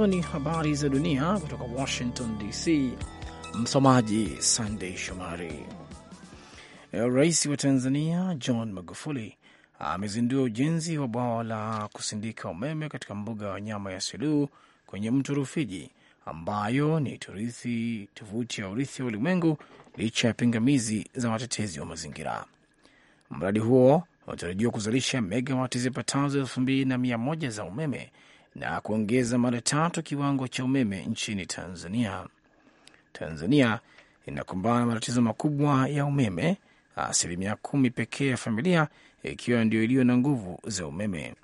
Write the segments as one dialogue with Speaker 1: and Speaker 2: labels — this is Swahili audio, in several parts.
Speaker 1: Zifuatazo ni habari za dunia kutoka Washington DC. Msomaji Sandei Shomari. Rais wa Tanzania John Magufuli amezindua ujenzi wa bwawa la kusindika umeme katika mbuga ya wanyama ya Selous kwenye mto Rufiji, ambayo ni turithi, tovuti ya urithi wa ulimwengu licha ya pingamizi za watetezi wa mazingira. Mradi huo unatarajiwa kuzalisha megawati zipatazo elfu mbili na mia moja za umeme na kuongeza mara tatu kiwango cha umeme nchini Tanzania. Tanzania inakumbana na matatizo makubwa ya umeme, asilimia kumi pekee ya familia ikiwa ndio iliyo na nguvu za umeme.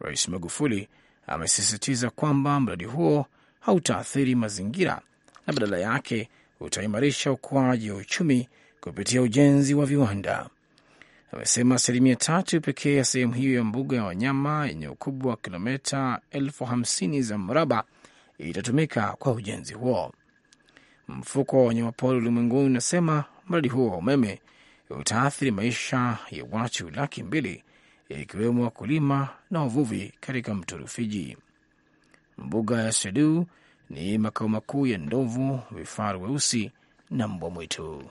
Speaker 1: Rais Magufuli amesisitiza kwamba mradi huo hautaathiri mazingira na badala yake utaimarisha ukuaji wa uchumi kupitia ujenzi wa viwanda amesema asilimia tatu pekee ya sehemu hiyo ya mbuga ya wanyama yenye ukubwa wa kilometa elfu hamsini za mraba itatumika kwa ujenzi huo. Mfuko wa wanyamapori ulimwenguni unasema mradi huo wa umeme utaathiri maisha ya watu laki mbili ikiwemo wakulima na wavuvi katika mto Rufiji. Mbuga ya Sedu ni makao makuu ya ndovu, vifaru weusi na mbwa mwitu.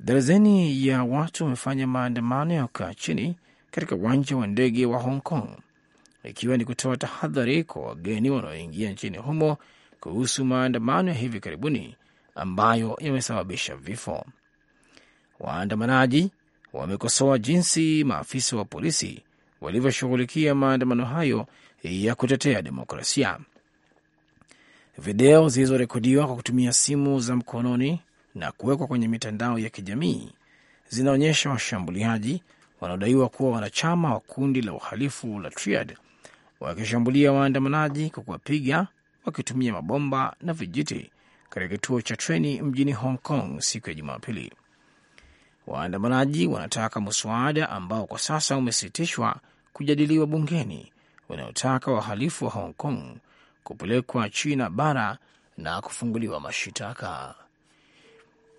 Speaker 1: Darazeni ya watu wamefanya maandamano ya kukaa chini katika uwanja wa ndege wa Hong Kong ikiwa ni kutoa tahadhari kwa wageni wanaoingia nchini humo kuhusu maandamano ya hivi karibuni ambayo yamesababisha vifo. Waandamanaji wamekosoa jinsi maafisa wa polisi walivyoshughulikia maandamano hayo ya kutetea demokrasia. Video zilizorekodiwa kwa kutumia simu za mkononi na kuwekwa kwenye mitandao ya kijamii zinaonyesha washambuliaji wanaodaiwa kuwa wanachama wa kundi la uhalifu la Triad wakishambulia waandamanaji kwa kuwapiga wakitumia mabomba na vijiti katika kituo cha treni mjini Hong Kong siku ya Jumapili. Waandamanaji wanataka mswada ambao kwa sasa umesitishwa kujadiliwa bungeni wanaotaka wahalifu wa Hong Kong kupelekwa China bara na kufunguliwa mashitaka.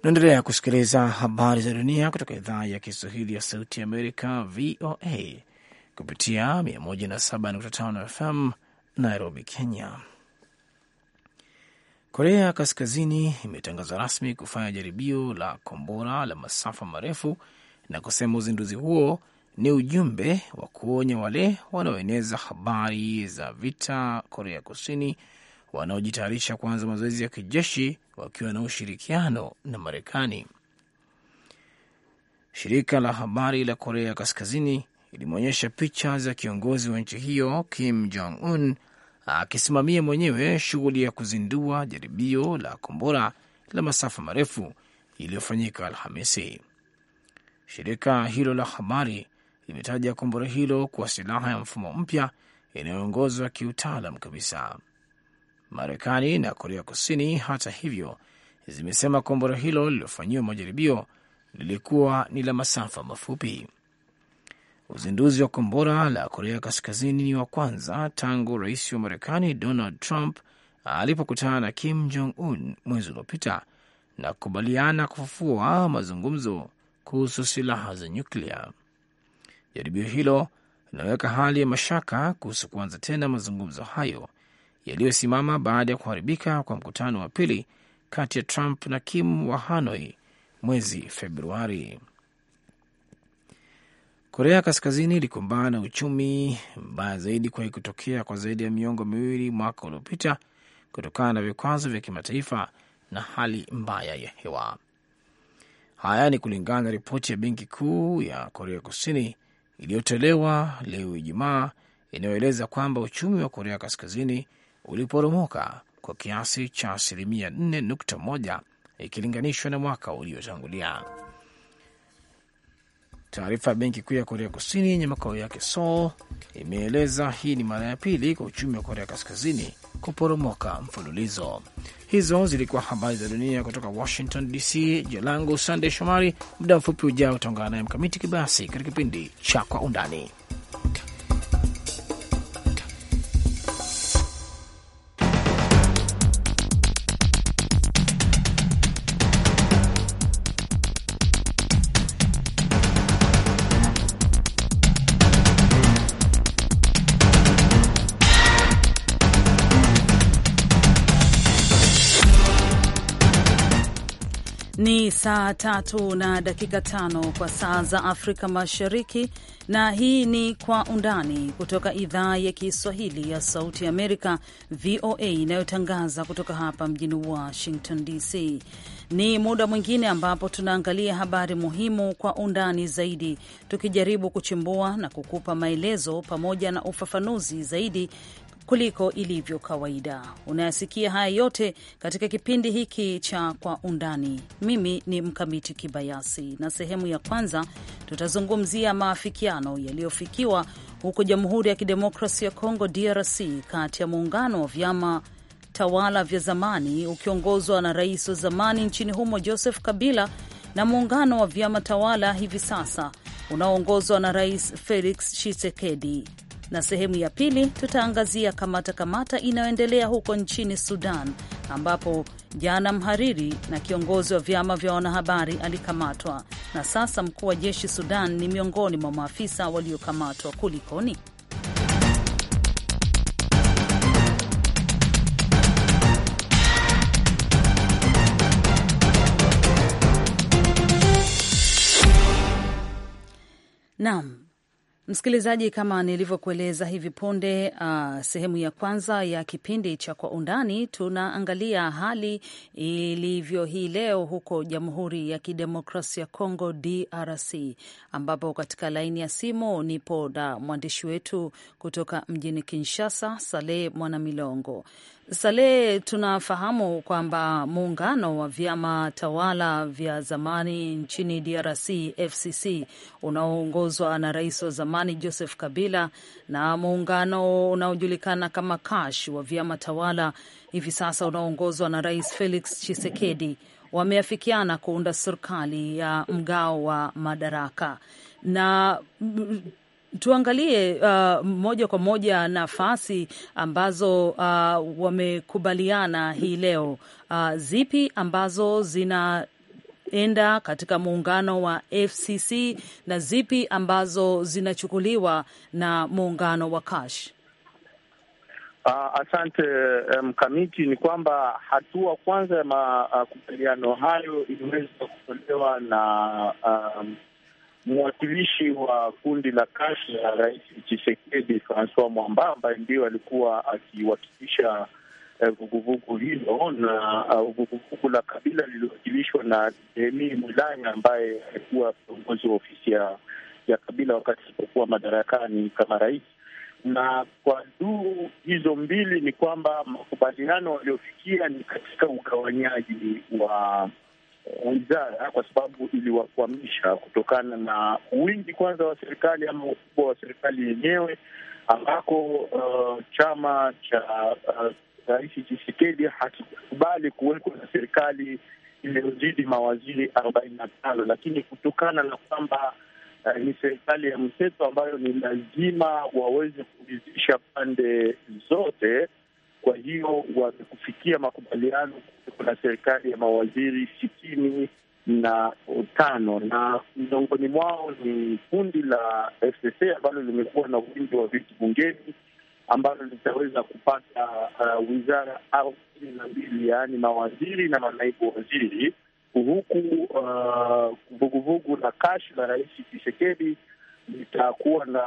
Speaker 1: Naendelea kusikiliza habari za dunia kutoka idhaa ya Kiswahili ya Sauti Amerika, VOA, kupitia 107.5 FM Nairobi, Kenya. Korea Kaskazini imetangaza rasmi kufanya jaribio la kombora la masafa marefu na kusema uzinduzi huo ni ujumbe wa kuonya wale wanaoeneza habari za vita Korea Kusini wanaojitayarisha kuanza mazoezi ya kijeshi wakiwa na ushirikiano na Marekani. Shirika la habari la Korea Kaskazini ilimwonyesha picha za kiongozi wa nchi hiyo Kim Jong Un akisimamia mwenyewe shughuli ya kuzindua jaribio la kombora la masafa marefu iliyofanyika Alhamisi. Shirika hilo la habari limetaja kombora hilo kuwa silaha ya mfumo mpya inayoongozwa kiutaalam kabisa. Marekani na Korea Kusini, hata hivyo, zimesema kombora hilo lililofanyiwa majaribio lilikuwa ni la masafa mafupi. Uzinduzi wa kombora la Korea Kaskazini ni wa kwanza tangu rais wa Marekani Donald Trump alipokutana na Kim Jong Un mwezi uliopita na kukubaliana kufufua mazungumzo kuhusu silaha za nyuklia. Jaribio hilo linaweka hali ya mashaka kuhusu kuanza tena mazungumzo hayo yaliyosimama baada ya kuharibika kwa mkutano wa pili kati ya Trump na Kim wa Hanoi mwezi Februari. Korea Kaskazini ilikumbana na uchumi mbaya zaidi kuwahi kutokea kwa zaidi ya miongo miwili mwaka uliopita kutokana na vikwazo vya kimataifa na hali mbaya ya hewa. Haya ni kulingana na ripoti ya benki kuu ya Korea Kusini iliyotolewa leo Ijumaa, inayoeleza kwamba uchumi wa Korea Kaskazini uliporomoka kwa kiasi cha asilimia 4.1 ikilinganishwa na mwaka uliotangulia. Taarifa ya Benki Kuu ya Korea Kusini yenye makao yake Seoul imeeleza hii ni mara ya pili kwa uchumi wa Korea Kaskazini kuporomoka mfululizo. Hizo zilikuwa habari za dunia kutoka Washington DC. Jina langu Sandey Shomari. Muda mfupi ujao utaungana naye Mkamiti Kibayasi katika kipindi cha Kwa Undani.
Speaker 2: saa tatu na dakika tano kwa saa za Afrika Mashariki, na hii ni Kwa Undani kutoka idhaa ya Kiswahili ya Sauti ya Amerika, VOA, inayotangaza kutoka hapa mjini Washington DC. Ni muda mwingine ambapo tunaangalia habari muhimu kwa undani zaidi, tukijaribu kuchimbua na kukupa maelezo pamoja na ufafanuzi zaidi kuliko ilivyo kawaida. Unayasikia haya yote katika kipindi hiki cha Kwa Undani. Mimi ni Mkamiti Kibayasi, na sehemu ya kwanza tutazungumzia maafikiano yaliyofikiwa huko Jamhuri ya Kidemokrasi ya Kongo, DRC, kati ya muungano wa vyama tawala vya zamani ukiongozwa na rais wa zamani nchini humo Joseph Kabila na muungano wa vyama tawala hivi sasa unaoongozwa na Rais Felix Tshisekedi na sehemu ya pili tutaangazia kamata kamata inayoendelea huko nchini Sudan, ambapo jana mhariri na kiongozi wa vyama vya wanahabari alikamatwa, na sasa mkuu wa jeshi Sudan ni miongoni mwa maafisa waliokamatwa. Kulikoni? Naam. Msikilizaji, kama nilivyokueleza hivi punde, uh, sehemu ya kwanza ya kipindi cha Kwa Undani, tunaangalia hali ilivyo hii leo huko Jamhuri ya Kidemokrasia ya Congo, DRC, ambapo katika laini ya simu nipo na mwandishi wetu kutoka mjini Kinshasa, Saleh Mwanamilongo. Salehe, tunafahamu kwamba muungano wa vyama tawala vya zamani nchini DRC FCC unaoongozwa na rais wa zamani Joseph Kabila na muungano unaojulikana kama Kash wa vyama tawala hivi sasa unaoongozwa na Rais Felix Tshisekedi wameafikiana kuunda serikali ya mgao wa madaraka na mm, Tuangalie uh, moja kwa moja nafasi ambazo uh, wamekubaliana hii leo uh, zipi ambazo zina enda katika muungano wa FCC na zipi ambazo zinachukuliwa na muungano wa Kash?
Speaker 3: Uh, asante eh, mkamiti. Um, ni kwamba hatua kwanza ya uh, makubaliano hayo iliweza kutolewa na um, mwakilishi wa kundi la Kashi la Rais Chisekedi, Francois Mwamba, ambaye ndio alikuwa akiwakilisha eh, vuguvugu eh, hilo na uh, vuguvugu uh, la kabila liliwakilishwa na Demi Mulanya ambaye alikuwa kiongozi wa ofisi ya, ya kabila wakati alipokuwa madarakani kama rais. Na kwa duu hizo mbili ni kwamba makubaliano waliofikia ni katika ugawanyaji wa Eh, wizara kwa sababu iliwakwamisha kutokana na wingi kwanza wa serikali ama ukubwa wa serikali yenyewe, ambako uh, chama cha uh, Rais Tshisekedi hakikubali kuwekwa na serikali iliyozidi mawaziri arobaini na tano, lakini kutokana na kwamba uh, ni serikali ya mseto ambayo ni lazima waweze kuridhisha pande zote kwa hiyo wamekufikia makubaliano na serikali ya mawaziri sitini na tano na miongoni mwao ni kundi la FCC ambalo limekuwa na wingi wa viti bungeni ambalo litaweza kupata uh, wizara au kumi na mbili yaani mawaziri na manaibu waziri, huku uh, vuguvugu uh, la kashi la Rais Tshisekedi litakuwa na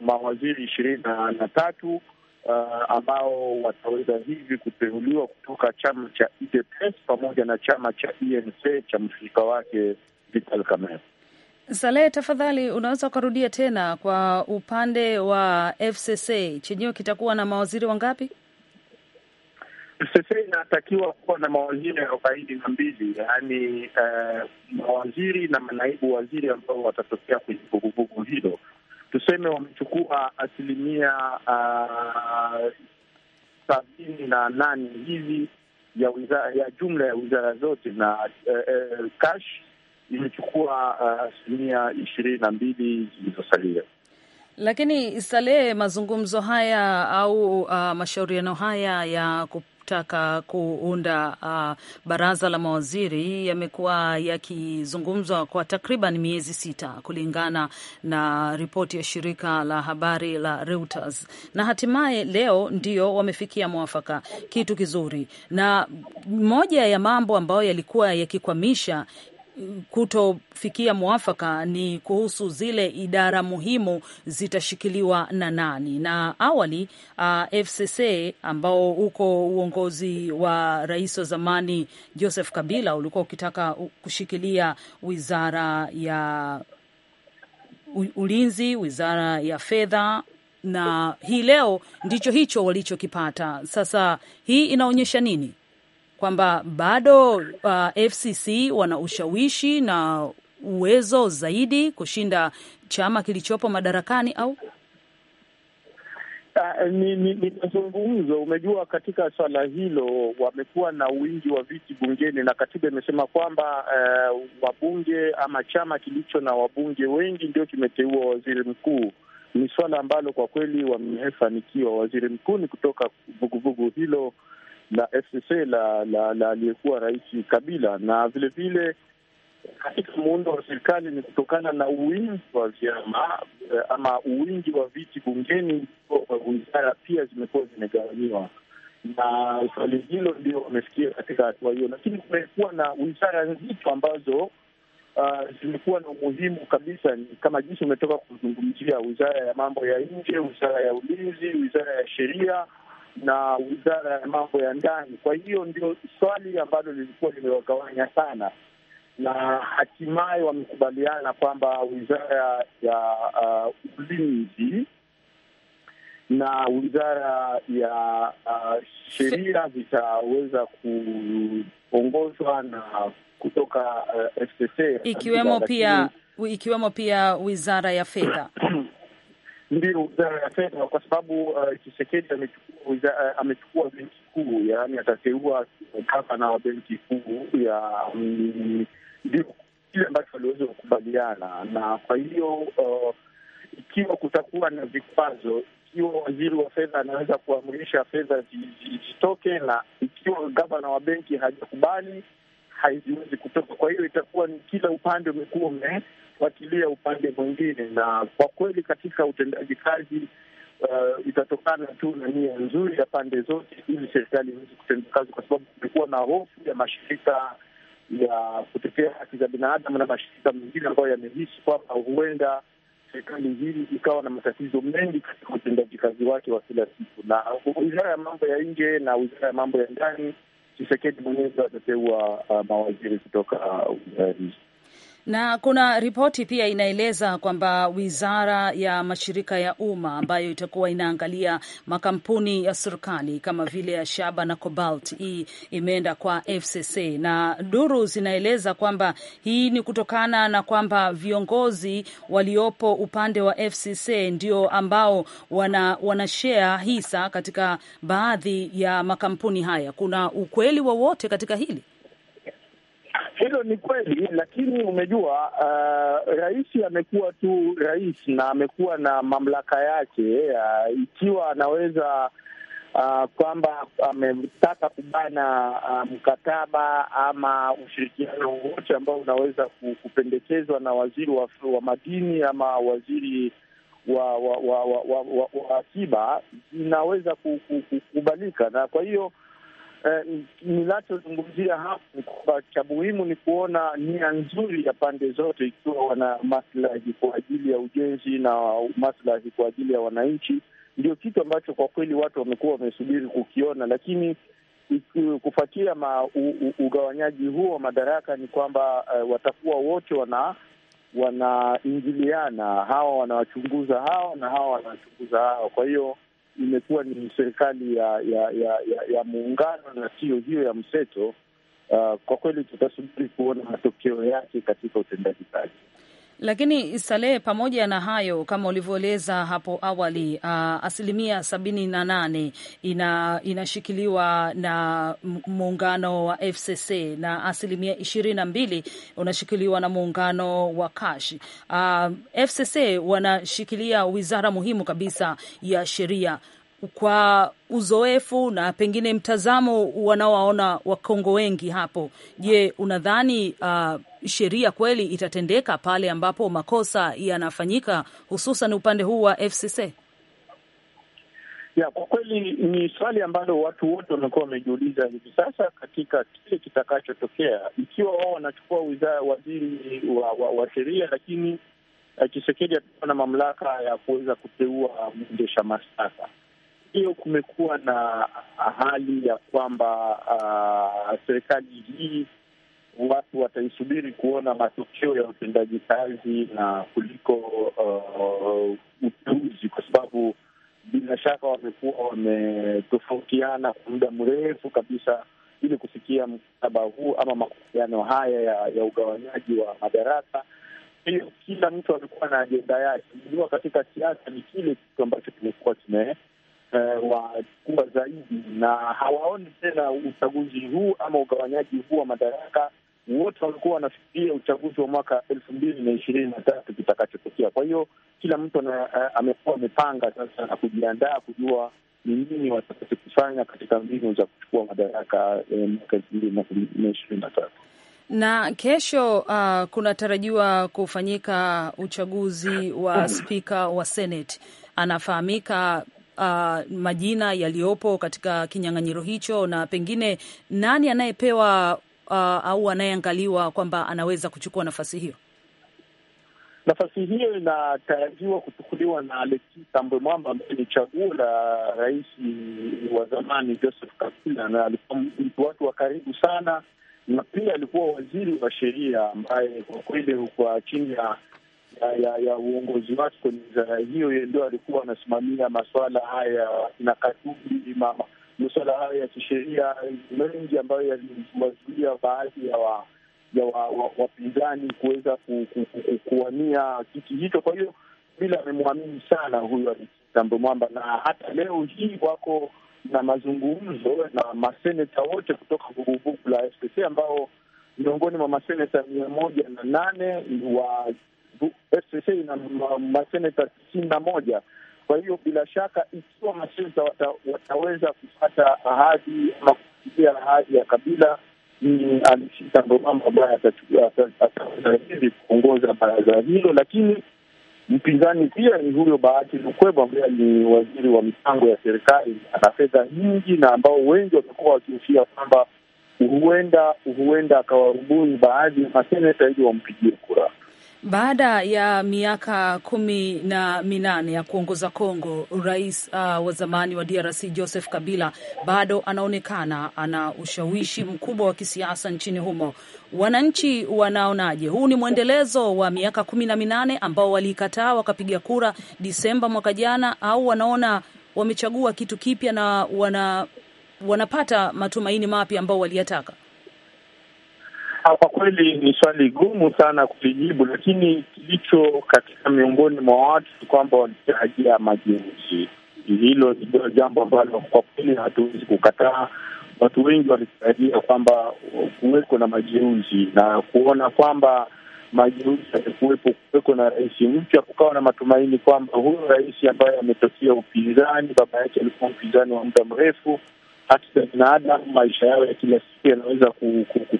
Speaker 3: mawaziri ishirini na tatu uh, ambao wataweza hivi kuteuliwa kutoka chama cha UDPS e pamoja na chama cha UNC e cha mshirika wake Vital Kamerhe.
Speaker 2: Saleh, tafadhali unaweza ukarudia tena kwa upande wa FCC chenyewe kitakuwa na mawaziri wangapi?
Speaker 3: FCC inatakiwa kuwa na mawaziri arobaini na mbili yaani uh, mawaziri na manaibu waziri ambao watatokea kwenye vuguvugu hilo tuseme wamechukua asilimia uh, sabini na nane hivi ya wizara, ya jumla ya wizara zote na uh, uh, cash imechukua uh, asilimia uh, ishirini na mbili zilizosalia.
Speaker 2: Lakini Salehe, mazungumzo haya au uh, mashauriano haya ya kutaka kuunda uh, baraza la mawaziri yamekuwa yakizungumzwa kwa takriban miezi sita, kulingana na ripoti ya shirika la habari la Reuters, na hatimaye leo ndio wamefikia mwafaka, kitu kizuri. Na moja ya mambo ambayo yalikuwa yakikwamisha kutofikia mwafaka ni kuhusu zile idara muhimu zitashikiliwa na nani. Na awali uh, FCC ambao uko uongozi wa rais wa zamani Joseph Kabila ulikuwa ukitaka kushikilia wizara ya ulinzi, wizara ya fedha na hii leo ndicho hicho walichokipata. Sasa hii inaonyesha nini? kwamba bado uh, FCC wana ushawishi na uwezo zaidi kushinda chama kilichopo madarakani au
Speaker 3: Uh, ni, ni, ni mazungumzo. Umejua, katika swala hilo wamekuwa na wingi wa viti bungeni, na katiba imesema kwamba uh, wabunge ama chama kilicho na wabunge wengi ndio kimeteua waziri mkuu. Ni swala ambalo kwa kweli wamefanikiwa. Waziri mkuu ni kutoka vuguvugu hilo la FCC la la aliyekuwa rais Kabila, na vilevile katika muundo wa serikali ni kutokana na uwingi wa vyama eh, ama uwingi wa viti bungeni. Wizara pia zimekuwa zimegawanyiwa, na swali hilo ndio wamefikia katika hatua hiyo, lakini kumekuwa na wizara nzito ambazo Uh, zimekuwa na umuhimu kabisa, kama jinsi umetoka kuzungumzia wizara ya mambo ya nje, wizara ya ulinzi, wizara ya sheria na wizara ya mambo ya ndani. Kwa hiyo ndio swali ambalo lilikuwa limewagawanya sana, na hatimaye wamekubaliana kwamba wizara ya uh, ulinzi na wizara ya uh, sheria zitaweza kuongozwa na kutoka uh, FCC ikiwemo pia,
Speaker 2: ikiwemo pia wizara ya fedha
Speaker 3: ndio wizara ya fedha, kwa sababu uh, Chisekedi uh, amechukua benki kuu, yaani atateua gavana wa benki kuu ya um, ndio kile ambacho waliweza kukubaliana na. Kwa hiyo uh, ikiwa kutakuwa na vikwazo, ikiwa waziri wa fedha anaweza kuamrisha fedha zitoke na ikiwa gavana wa benki hajakubali, haziwezi kutoka. Kwa hiyo itakuwa ni kila upande umekuwa ume kufuatilia upande mwingine, na kwa kweli katika utendaji kazi uh, itatokana tu na nia nzuri ya pande zote, ili serikali iweze kutenda kazi, kwa sababu kumekuwa na hofu ya mashirika ya kutetea haki za binadamu na mashirika mengine ambayo yamehisi kwamba huenda serikali hii ikawa na matatizo mengi katika utendaji kazi wake wa kila siku. Na wizara ya mambo ya nje na wizara ya mambo ya ndani, Chisekedi mwenyewe atateua uh, mawaziri kutoka wizara uh, hizi.
Speaker 2: Na kuna ripoti pia inaeleza kwamba wizara ya mashirika ya umma ambayo itakuwa inaangalia makampuni ya serikali kama vile ya shaba na cobalt, hii imeenda kwa FCC na duru zinaeleza kwamba hii ni kutokana na kwamba viongozi waliopo upande wa FCC ndio ambao wana, wana share hisa katika baadhi ya makampuni haya. Kuna ukweli wowote katika hili?
Speaker 3: Hilo ni kweli, lakini umejua, uh, rais amekuwa tu rais na amekuwa na mamlaka yake. Uh, ikiwa anaweza uh, kwamba ametaka kubana uh, mkataba ama ushirikiano wowote ambao unaweza kupendekezwa na waziri wa, wa madini ama waziri wa wa wa, wa, wa, wa, wa akiba inaweza kukubalika na kwa hiyo eh, ninachozungumzia hapa ni kwamba cha muhimu ni kuona nia nzuri ya pande zote, ikiwa wana maslahi kwa ajili ya ujenzi na maslahi kwa ajili ya wananchi, ndio kitu ambacho kwa kweli watu wamekuwa wamesubiri kukiona, lakini kufuatia ugawanyaji huo wa madaraka ni kwamba eh, watakuwa wote wana wanaingiliana, hawa wanawachunguza hawa na hawa wanawachunguza hawa, kwa hiyo imekuwa ni serikali ya ya ya, ya, ya muungano na siyo hiyo ya mseto. Uh, kwa kweli tutasubiri kuona matokeo yake katika utendaji kazi.
Speaker 2: Lakini Salehe, pamoja na hayo, kama ulivyoeleza hapo awali, uh, asilimia sabini na nane ina, inashikiliwa na muungano wa FCC na asilimia ishirini na mbili unashikiliwa na muungano wa Kash. Uh, FCC wanashikilia wizara muhimu kabisa ya sheria kwa uzoefu na pengine mtazamo wanaowaona Wakongo wengi hapo. Je, unadhani uh, sheria kweli itatendeka pale ambapo makosa yanafanyika hususan upande huu wa FCC?
Speaker 3: Ya, kwa kweli ni swali ambalo watu wote wamekuwa wamejiuliza hivi sasa katika kile kitakachotokea, ikiwa wao wanachukua waziri wa, wa, wa sheria, lakini Chisekedi eh, atakuwa na mamlaka ya kuweza kuteua mwendesha mashtaka ndio kumekuwa na hali ya kwamba uh, serikali hii watu wataisubiri kuona matokeo ya utendaji kazi na kuliko uh, uteuzi, kwa sababu bila shaka wamekuwa wametofautiana kwa muda mrefu kabisa ili kufikia mkataba huu ama makubaliano haya ya, ya ugawanyaji wa madaraka. Hiyo kila mtu amekuwa na ajenda yake. Unajua, katika siasa ni kile kitu ambacho kimekuwa kime Eh, wa wakubwa zaidi, na hawaoni tena uchaguzi huu ama ugawanyaji huu wa madaraka. Wote walikuwa wanafikiria uchaguzi wa mwaka elfu mbili na ishirini na tatu kitakachotokea. Kwa hiyo kila mtu eh, amekuwa amepanga sasa na kujiandaa kujua ni nini watakachokifanya katika mbinu za kuchukua madaraka eh, mwaka elfu mbili na ishirini na tatu
Speaker 2: na kesho uh, kunatarajiwa kufanyika uchaguzi wa spika wa Senate. Anafahamika uh, majina yaliyopo katika kinyang'anyiro hicho, na pengine nani anayepewa uh, au anayeangaliwa kwamba anaweza kuchukua nafasi hiyo?
Speaker 3: Nafasi hiyo inatarajiwa kuchukuliwa na Alexis Thambwe Mwamba ambaye ni chaguo la rais wa zamani Joseph Kabila, na alikuwa mtu watu wa karibu sana, na pia alikuwa waziri wa sheria ambaye kwa kweli kwa chini ya ya, ya, ya uongozi wake kwenye wizara hiyo. Yeye ndio alikuwa anasimamia masuala haya na Katumbi, masuala haya ya kisheria mengi ambayo yaliwazuia baadhi ya wa, ya wapinzani wa, wa kuweza ku, ku, ku, ku, kuwania kiti hicho. Kwa hiyo bila amemwamini sana huyu Alikitambo Mwamba, na hata leo hii wako na mazungumzo na maseneta wote kutoka vuguvugu la FCC ambao miongoni mwa maseneta mia moja na nane wa FCC ina maseneta tisini na moja. Kwa hiyo bila shaka, ikiwa maseneta wata, wataweza kupata ahadi ama kupitia ahadi ya Kabila ni alishika, ndo mambo ambayo ataweza hivi kuongoza baraza hilo, lakini mpinzani pia ni huyo Bahati Lukwebo ambaye ni waziri wa mipango ya serikali, ana fedha nyingi, na ambao wengi wamekuwa wakihusia kwamba huenda huenda akawarubuni baadhi ya maseneta ili wampigie kura.
Speaker 2: Baada ya miaka kumi na minane ya kuongoza Kongo, rais uh, wa zamani wa DRC Joseph Kabila bado anaonekana ana ushawishi mkubwa wa kisiasa nchini humo. Wananchi wanaonaje? Huu ni mwendelezo wa miaka kumi na minane ambao waliikataa wakapiga kura Disemba mwaka jana, au wanaona wamechagua kitu kipya na wana, wanapata matumaini mapya ambao waliyataka?
Speaker 3: Ah, kwa kweli ni swali gumu sana kulijibu, lakini kilicho katika miongoni mwa watu ni kwamba walitarajia majeuzi Hilo ndio jambo ambalo kwa kweli hatuwezi kukataa. Watu wengi walitarajia kwamba kuweko na majeuzi na kuona kwamba majeuzi yamekuwepo, kuweko na rais mpya, kukawa na matumaini kwamba huyo rais ambaye ametokea upinzani, baba yake alikuwa mpinzani wa muda mrefu haki za binadamu, maisha yao ya kila siku yanaweza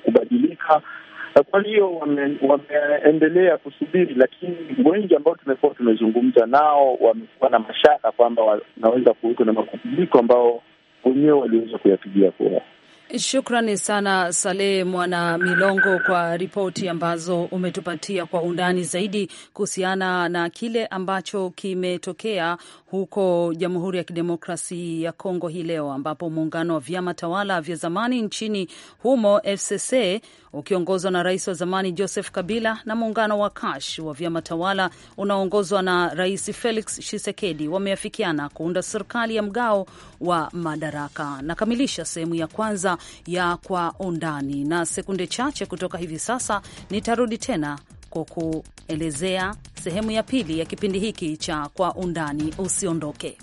Speaker 3: kubadilika. Kwa hiyo wame, wameendelea kusubiri, lakini wengi ambao tumekuwa tumezungumza nao wamekuwa na mashaka kwamba wanaweza kuweko na mabadiliko ambao wenyewe waliweza kuyapigia kura.
Speaker 2: Shukrani sana Saleh Mwana Milongo kwa ripoti ambazo umetupatia kwa undani zaidi kuhusiana na kile ambacho kimetokea huko Jamhuri ya Kidemokrasi ya Kongo hii leo, ambapo muungano wa vyama tawala vya zamani nchini humo FCC ukiongozwa na rais wa zamani Joseph Kabila na muungano wa Kash wa vyama tawala unaoongozwa na Rais Felix Tshisekedi wameafikiana kuunda serikali ya mgao wa madaraka. Nakamilisha sehemu ya kwanza ya Kwa Undani, na sekunde chache kutoka hivi sasa nitarudi tena kwa kuelezea sehemu ya pili ya kipindi hiki cha Kwa Undani. Usiondoke.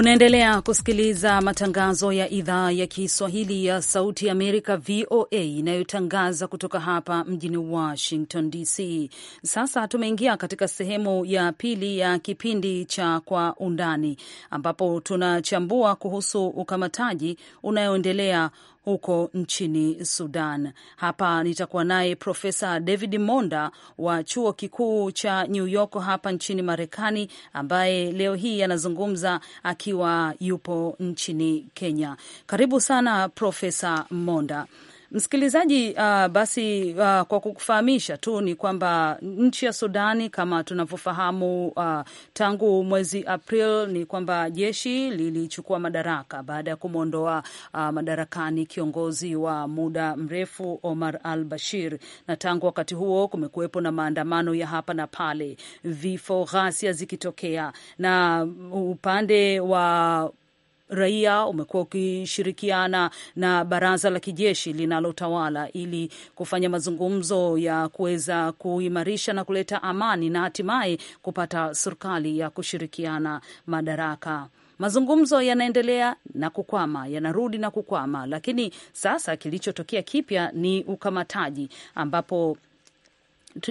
Speaker 2: Unaendelea kusikiliza matangazo ya idhaa ya Kiswahili ya Sauti ya Amerika, VOA, inayotangaza kutoka hapa mjini Washington DC. Sasa tumeingia katika sehemu ya pili ya kipindi cha Kwa Undani, ambapo tunachambua kuhusu ukamataji unayoendelea huko nchini Sudan. Hapa nitakuwa naye Profesa David Monda wa chuo kikuu cha New York hapa nchini Marekani, ambaye leo hii anazungumza akiwa yupo nchini Kenya. Karibu sana Profesa Monda. Msikilizaji, uh, basi uh, kwa kukufahamisha tu ni kwamba nchi ya Sudani kama tunavyofahamu, uh, tangu mwezi April ni kwamba jeshi lilichukua madaraka baada ya kumwondoa uh, madarakani kiongozi wa muda mrefu Omar al Bashir, na tangu wakati huo kumekuwepo na maandamano ya hapa na pale, vifo, ghasia zikitokea, na upande wa raia umekuwa ukishirikiana na baraza la kijeshi linalotawala ili kufanya mazungumzo ya kuweza kuimarisha na kuleta amani na hatimaye kupata serikali ya kushirikiana madaraka. Mazungumzo yanaendelea na kukwama, yanarudi na kukwama, lakini sasa kilichotokea kipya ni ukamataji ambapo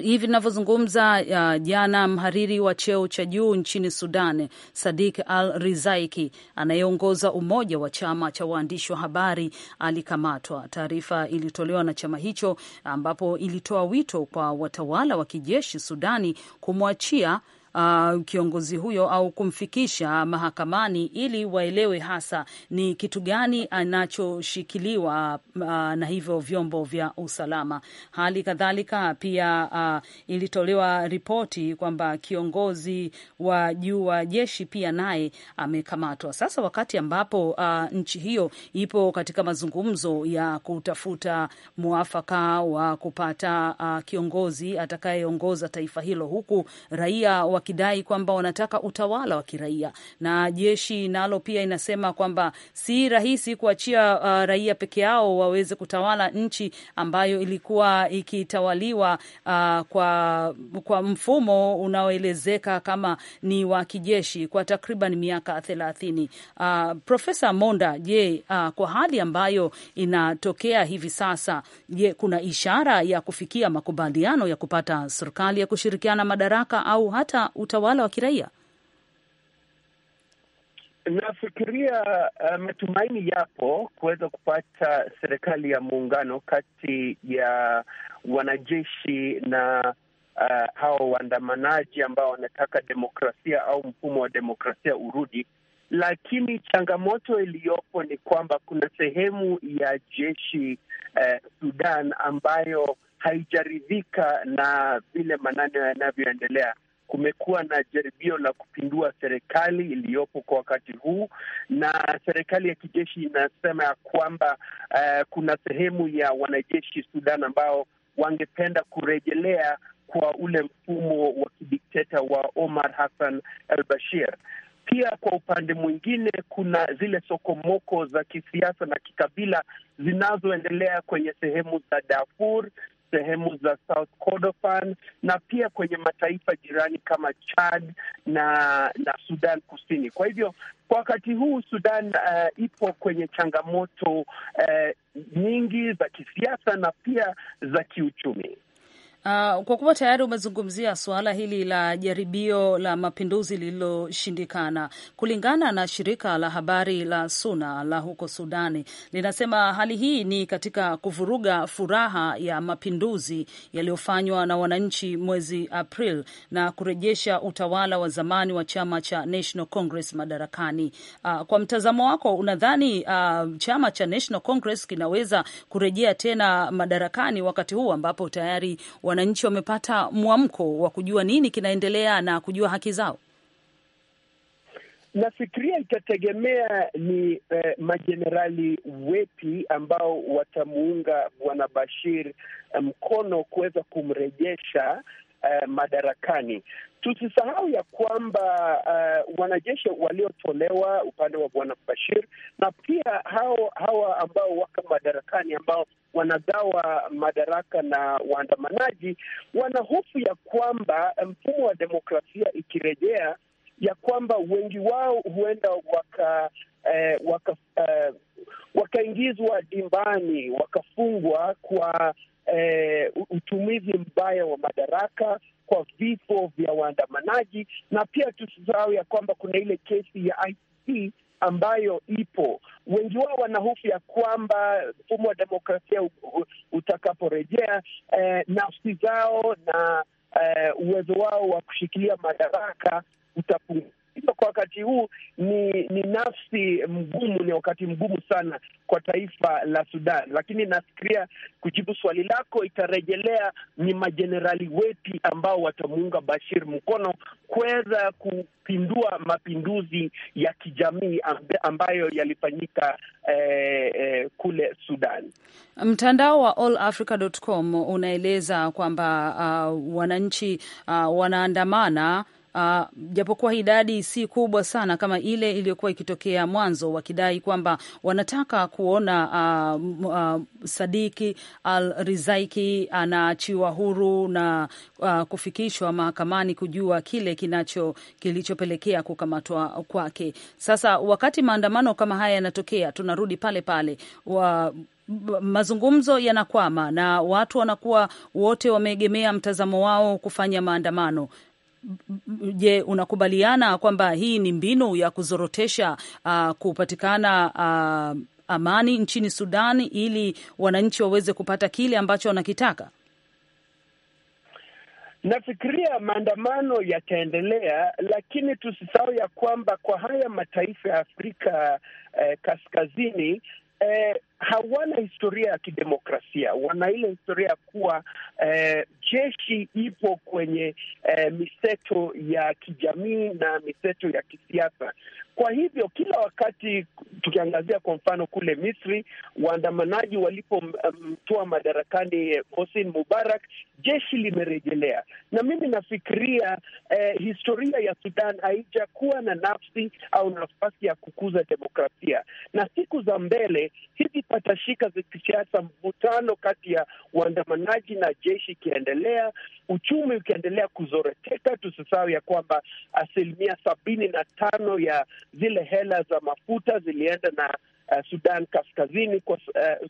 Speaker 2: hivi tunavyozungumza uh, jana mhariri wa cheo cha juu nchini Sudan Sadik Al Rizaiki anayeongoza umoja wa chama cha waandishi wa habari alikamatwa. Taarifa ilitolewa na chama hicho ambapo ilitoa wito kwa watawala wa kijeshi Sudani kumwachia uh, kiongozi huyo au kumfikisha mahakamani ili waelewe hasa ni kitu gani anachoshikiliwa uh, na hivyo vyombo vya usalama. Hali kadhalika pia uh, ilitolewa ripoti kwamba kiongozi wa juu wa jeshi pia naye amekamatwa. Sasa wakati ambapo uh, nchi hiyo ipo katika mazungumzo ya kutafuta mwafaka wa kupata uh, kiongozi atakayeongoza taifa hilo, huku raia wa wakidai kwamba wanataka utawala wa kiraia, na jeshi nalo pia inasema kwamba si rahisi kuachia uh, raia peke yao waweze kutawala nchi ambayo ilikuwa ikitawaliwa uh, kwa, kwa mfumo unaoelezeka kama ni wa kijeshi kwa takriban miaka thelathini. Uh, Profesa Monda, je, uh, kwa hali ambayo inatokea hivi sasa, je, kuna ishara ya kufikia makubaliano ya kupata serikali ya kushirikiana madaraka au hata utawala wa kiraia?
Speaker 3: Nafikiria uh, matumaini yapo kuweza kupata serikali ya muungano kati ya wanajeshi na uh, hao waandamanaji ambao wanataka demokrasia au mfumo wa demokrasia urudi, lakini changamoto iliyopo ni kwamba kuna sehemu ya jeshi uh, Sudan ambayo haijaridhika na vile maneno yanavyoendelea kumekuwa na jaribio la kupindua serikali iliyopo kwa wakati huu, na serikali ya kijeshi inasema ya kwamba uh, kuna sehemu ya wanajeshi Sudan ambao wangependa kurejelea kwa ule mfumo wa kidikteta wa Omar Hassan al Bashir. Pia kwa upande mwingine, kuna zile sokomoko za kisiasa na kikabila zinazoendelea kwenye sehemu za Darfur sehemu za South Kordofan na pia kwenye mataifa jirani kama Chad na na Sudan Kusini. Kwa hivyo kwa wakati huu Sudan uh, ipo kwenye changamoto uh, nyingi za kisiasa na pia za kiuchumi.
Speaker 2: Uh, kwa kuwa tayari umezungumzia suala hili la jaribio la mapinduzi lililoshindikana, kulingana na shirika la habari la Suna la huko Sudani linasema hali hii ni katika kuvuruga furaha ya mapinduzi yaliyofanywa na wananchi mwezi April na kurejesha utawala wa zamani wa chama cha National Congress madarakani. Uh, kwa mtazamo wako unadhani uh, chama cha National Congress kinaweza kurejea tena madarakani wakati huu ambapo tayari wananchi wamepata mwamko wa kujua nini kinaendelea na kujua haki zao?
Speaker 3: Nafikiria itategemea ni eh, majenerali wepi ambao watamuunga bwana Bashir eh, mkono kuweza kumrejesha eh, madarakani. Tusisahau ya kwamba uh, wanajeshi waliotolewa upande wa bwana Bashir na pia hao hawa ambao wako madarakani ambao wanagawa madaraka na waandamanaji, wana hofu ya kwamba mfumo wa demokrasia ikirejea, ya kwamba wengi wao huenda waka eh, waka eh, wakaingizwa dimbani, wakafungwa kwa eh, utumizi mbaya wa madaraka kwa vifo vya waandamanaji, na pia tusisahau ya kwamba kuna ile kesi ya ICC ambayo ipo. Wengi wao wanahofu ya kwamba mfumo wa demokrasia utakaporejea, eh, nafsi zao na eh, uwezo wao wa kushikilia madaraka utapungua hivyo kwa wakati huu ni ni nafsi mgumu, ni wakati mgumu sana kwa taifa la Sudan, lakini nafikiria kujibu swali lako itarejelea ni majenerali wepi ambao watamuunga Bashir mkono kuweza kupindua mapinduzi ya kijamii ambayo yalifanyika eh, eh, kule Sudan.
Speaker 2: Mtandao wa allafrica.com unaeleza kwamba uh, wananchi uh, wanaandamana Uh, japokuwa idadi si kubwa sana kama ile iliyokuwa ikitokea mwanzo, wakidai kwamba wanataka kuona uh, uh, Sadiki al-Rizaiki anaachiwa huru na uh, kufikishwa mahakamani kujua kile kinacho kilichopelekea kukamatwa kwake. Sasa wakati maandamano kama haya yanatokea, tunarudi pale pale wa, mazungumzo yanakwama na watu wanakuwa wote wameegemea mtazamo wao kufanya maandamano. Je, unakubaliana kwamba hii ni mbinu ya kuzorotesha uh, kupatikana uh, amani nchini Sudan ili wananchi waweze kupata kile ambacho wanakitaka?
Speaker 3: Nafikiria maandamano yataendelea, lakini tusisahau ya kwamba kwa haya mataifa ya Afrika eh, kaskazini eh, hawana historia ya kidemokrasia, wana ile historia ya kuwa eh, jeshi ipo kwenye eh, miseto ya kijamii na miseto ya kisiasa. Kwa hivyo kila wakati tukiangazia, kwa mfano kule Misri, waandamanaji walipomtoa mm, um, madarakani eh, Hosni Mubarak, jeshi limerejelea. Na mimi nafikiria eh, historia ya Sudan haijakuwa na nafsi au nafasi ya kukuza demokrasia, na siku za mbele hizi patashika za kisiasa, mvutano kati ya waandamanaji na jeshi ikiendelea, uchumi ukiendelea kuzoreteka, tusisahau ya kwamba asilimia sabini na tano ya zile hela za mafuta zilienda na uh, Sudan Kaskazini kwa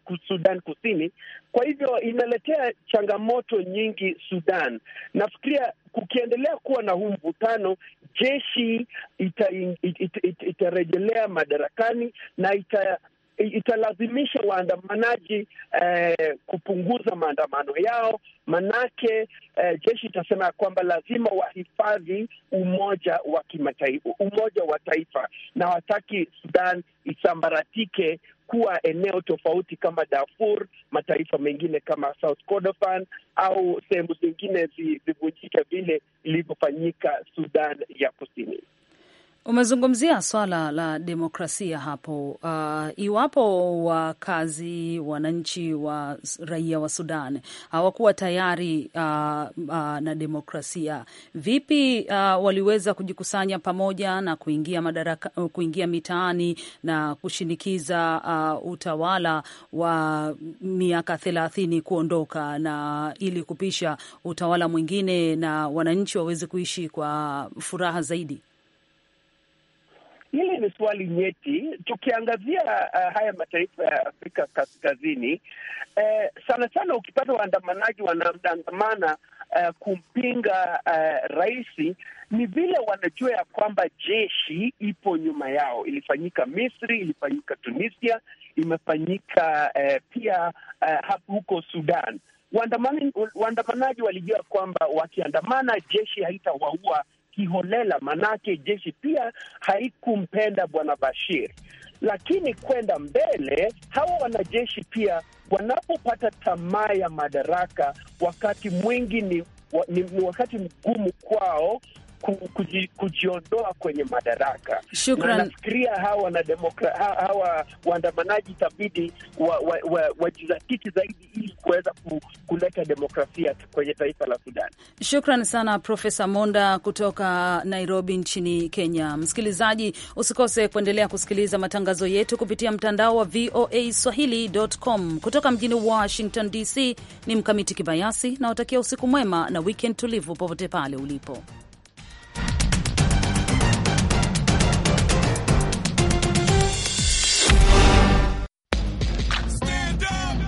Speaker 3: uh, Sudan Kusini. Kwa hivyo imeletea changamoto nyingi Sudan. Nafikiria kukiendelea kuwa na huu mvutano, jeshi itarejelea ita, ita, ita madarakani na ita italazimisha waandamanaji eh, kupunguza maandamano yao, manake eh, jeshi itasema ya kwamba lazima wahifadhi umoja wa kimataifa, umoja wa taifa, na wataki Sudan isambaratike kuwa eneo tofauti kama Darfur, mataifa mengine kama South Kordofan au sehemu zingine zivunjike vile ilivyofanyika Sudan ya Kusini.
Speaker 2: Umezungumzia swala la demokrasia hapo. Uh, iwapo wakazi wananchi wa raia wa Sudan hawakuwa tayari uh, uh, na demokrasia, vipi uh, waliweza kujikusanya pamoja na kuingia madaraka, uh, kuingia mitaani na kushinikiza uh, utawala wa miaka thelathini kuondoka na ili kupisha utawala mwingine na wananchi waweze kuishi kwa furaha zaidi? Hili
Speaker 3: ni swali nyeti. Tukiangazia uh, haya mataifa ya Afrika Kaskazini, uh, sana sana ukipata waandamanaji wanaandamana uh, kumpinga uh, raisi, ni vile wanajua ya kwamba jeshi ipo nyuma yao. Ilifanyika Misri, ilifanyika Tunisia, imefanyika uh, pia uh, hapo huko Sudan. Waandamanaji walijua kwamba wakiandamana jeshi haitawaua kiholela, manake jeshi pia haikumpenda bwana Bashir. Lakini kwenda mbele, hawa wanajeshi pia wanapopata tamaa ya madaraka, wakati mwingi ni, wa, ni, ni wakati mgumu kwao kuji, kujiondoa kwenye madaraka. Shukran. Na nafikiria hawa wanademokra hawa waandamanaji itabidi wajizatiti wa, wa, wa zaidi ili kuweza kuleta demokrasia kwenye taifa la Sudan.
Speaker 2: Shukran sana Profesa Monda kutoka Nairobi nchini Kenya. Msikilizaji, usikose kuendelea kusikiliza matangazo yetu kupitia mtandao wa VOA Swahili.com. Kutoka mjini Washington DC ni Mkamiti Kibayasi, nawatakia usiku mwema na weekend tulivu popote pale ulipo.